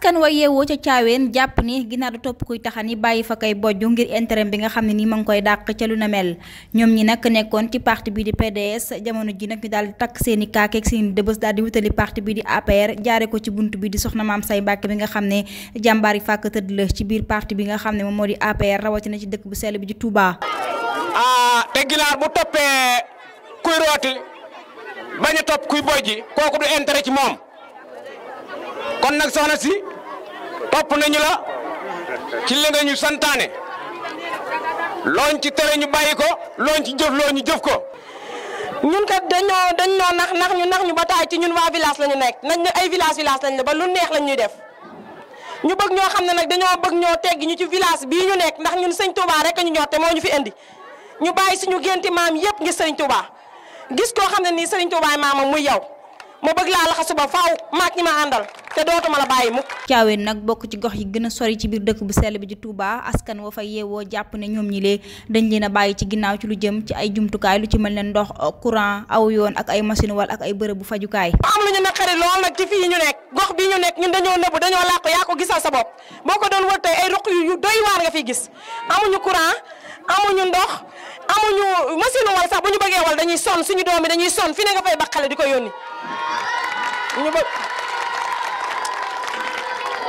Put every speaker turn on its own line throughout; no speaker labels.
askan wa yeewoo ca caaween jàpp ni ginaar du topp kuy taxani bàyyi fa kay bojj ngir intérêt bi nga xam ne ni ma ngi koy dàq ca lu na mel ñoom ñi nag nekkoon ci parti bi di PDS jamono ji nag ñu daal takk seen i kaakeeg i dëbës daal di wutali parti bi di APR jaare ko ci bunt bi di soxna maam say Mbàkke bi nga xam ne jàmbaar yi fàkk tëdd la ci biir parti bi nga xam ne moom moo di APR rawatina ci dëkk bu sell bi di Touba. te ginaar bu
toppee a topp si topp nañu la ci li ñu santaane looñ ci tere ñu bàyyi ko looñ ci jëf loo ñu jëf ko. ñun kat dañoo dañ noo nax nax ñu nax ñu ba taay ci ñun waa village la ñu nekk nañ ne ay village village lañ la ba lu neex lañu ñuy def ñu bëgg ñoo xam ne nag dañoo bëgg ñoo tegg ñu ci village bii ñu nekk ndax ñun sëñ Touba rek ñu ñor te moo ñu fi indi ñu bàyyi suñu génti maam yëpp ngir
sëriñ Touba gis koo xam ne nii sëriñ Touba maamam muy yow ma bëgg laa laxa suba faaw maak te dootuma la bàyyi mukk caaween nag bokk ci gox yi gën a sori ci biir dëkk bu sell bi di Touba askan wa fa yeewoo jàpp ne ñoom ñi lee dañ leen a bàyyi ci ginnaaw ci lu jëm ci ay jumtukaay lu ci mel ne ndox euh, courant aw yoon ak ay machine wal ak ay bërëb bu fajukaay am lu ñu naqari lool nag ci
fii ñu nekk gox bi ñu nekk ñun dañoo nëbb dañoo làqu yaa ko gisal sa bopp boo ko doon wër tey ay ruq yu doy waar nga fiy gis amuñu courant amuñu ndox amuñu machine sax bu ñu bëggee wal dañuy sonn suñu doom yi dañuy sonn fi ne nga fay baqale di ko yónni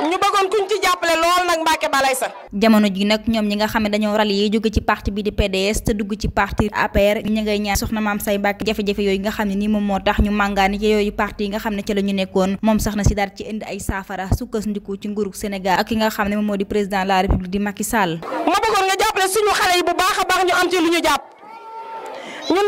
ñu bëggoon kuñ ci jàppale lool nag Mbacke balay sa jamono ji nag ñoom ñi nga xam ne dañoo rallié jóge ci parti bi di PDS te dugg ci parti APR ñi ngay ñaan soxna maam say nga xam ne nii moom moo tax ñu màngaani ci yooyu parti yi nga xam ne ca la ñu nekkoon moom sax na si daal ci indi ay saafara sukkandiku ci nguurug Sénégal ak ki nga xam ne moom moo di président de la République di Macky Sall ma
bëggoon nga jàppale
suñu xale yi bu baax a baax ñu am ci lu ñu jàpp ñu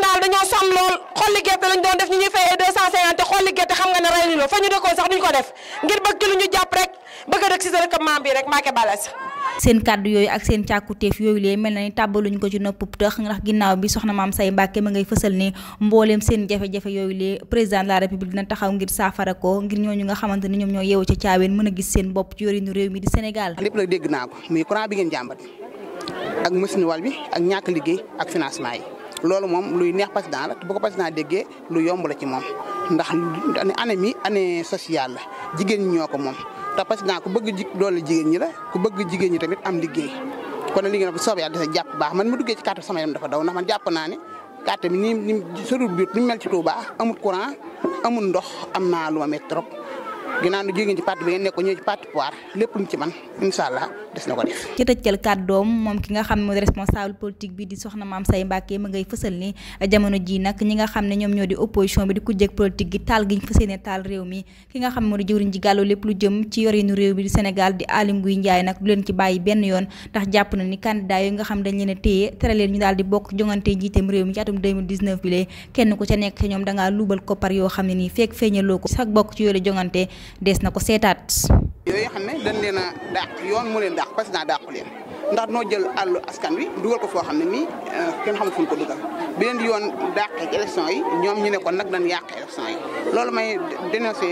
ci sa maam bi rek Mbacké Balass seen kàddu yooyu ak seen càkkutéef yooyu lee mel na ni tàbbaluñ ko ci noppub tëx ndax ginnaaw bi soxna maam say Mbàkke ma ngay fësal ne mbooleem seen jafe-jafe yooyu lee président de la république dina taxaw ngir saafara ko ngir ñooñu nga xamante ni ñoom ñoo yeewu ca caaween mën a gis seen bopp ci yorinu réew mi di Sénégal lépp nag
dégg naa ko muy courant bi ngeen jàmbat ak machine wal bi ak ñàkk liggéey ak financement yi loolu moom luy neex président la te bu ko président déggee lu yomb la ci moom ndax ne année mi année sociale la jigéen ñi ñoo ko moom te président ku bëgg ji doole jigéen ñi la ku bëgg jigéen ñi tamit am liggéey kon nag liggéey nag bu soobee yàlla dafay jàpp baax man ma duggee ci carte sama yaram dafa daw ndax man jàpp naa ne carte bi ni ni soriwul biir ni mu mel ci Touba amul courant amul ndox am naa lu metrop ginnaaw ñu jógee ci parti bi ngeen nekk ñëw ci parti pouvoir lépp luñ ci man incha des na ko def. ci
tëjcal kàddoom moom ki nga xam ne mooy responsable politique bi di soxna maam say Mbàkke ma ngay fësal ni jamono ji nag ñi nga xam ne ñoom ñoo di opposition bi di kujjeeg politique gi taal gi ñu fas yéene taal réew mi ki nga xam ne di jëwriñ ji gàllu lépp lu jëm ci yorinu réew bi di Sénégal di Aly Ngouille Ndiaye nag du leen ci bàyyi benn yoon ndax jàpp na ni candidat yi nga xam a téye tere leen ñu daal bokk jongante njiitam réew mi ci ku nekk ca ñoom dangaa luubal koppar yoo xam ne nii fekk feeñaloo ko sax bokk ci yoolee des na ko seetaat.
yooyu xam ne dañ leen a dàq yoon mu leen parce président dàqu leen ndax noo jël àll askan wi dugal ko foo xam ne nii euh, kenn xamul fu ko dugal bi leen di yoon dàqee ci élection yi ñoom ñu ne kon nag dañ yàq élection yi loolu may dénoncé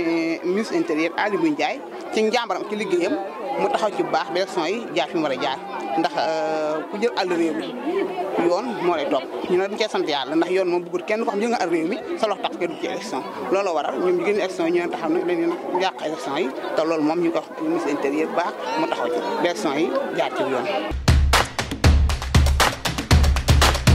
ministre intérieur Aly Ngouille Ndiaye ci njàmbaram ci liggéeyam. mu taxaw ci bu baax ba élection yi jaar fi mu a jaar ndax euh, ku jël àll réew mi yoon moo lay topp ñu ne dañ cee sant ndax yoon moom bëggul kenn ko xam jël nga àll réew mi sa loxo tax nga ci élection loolu waral ñu génn élection yi ñu yi te loolu moom ñu ko wax ministre intérieur bu baax mu taxaw ci ba yi jaar yoon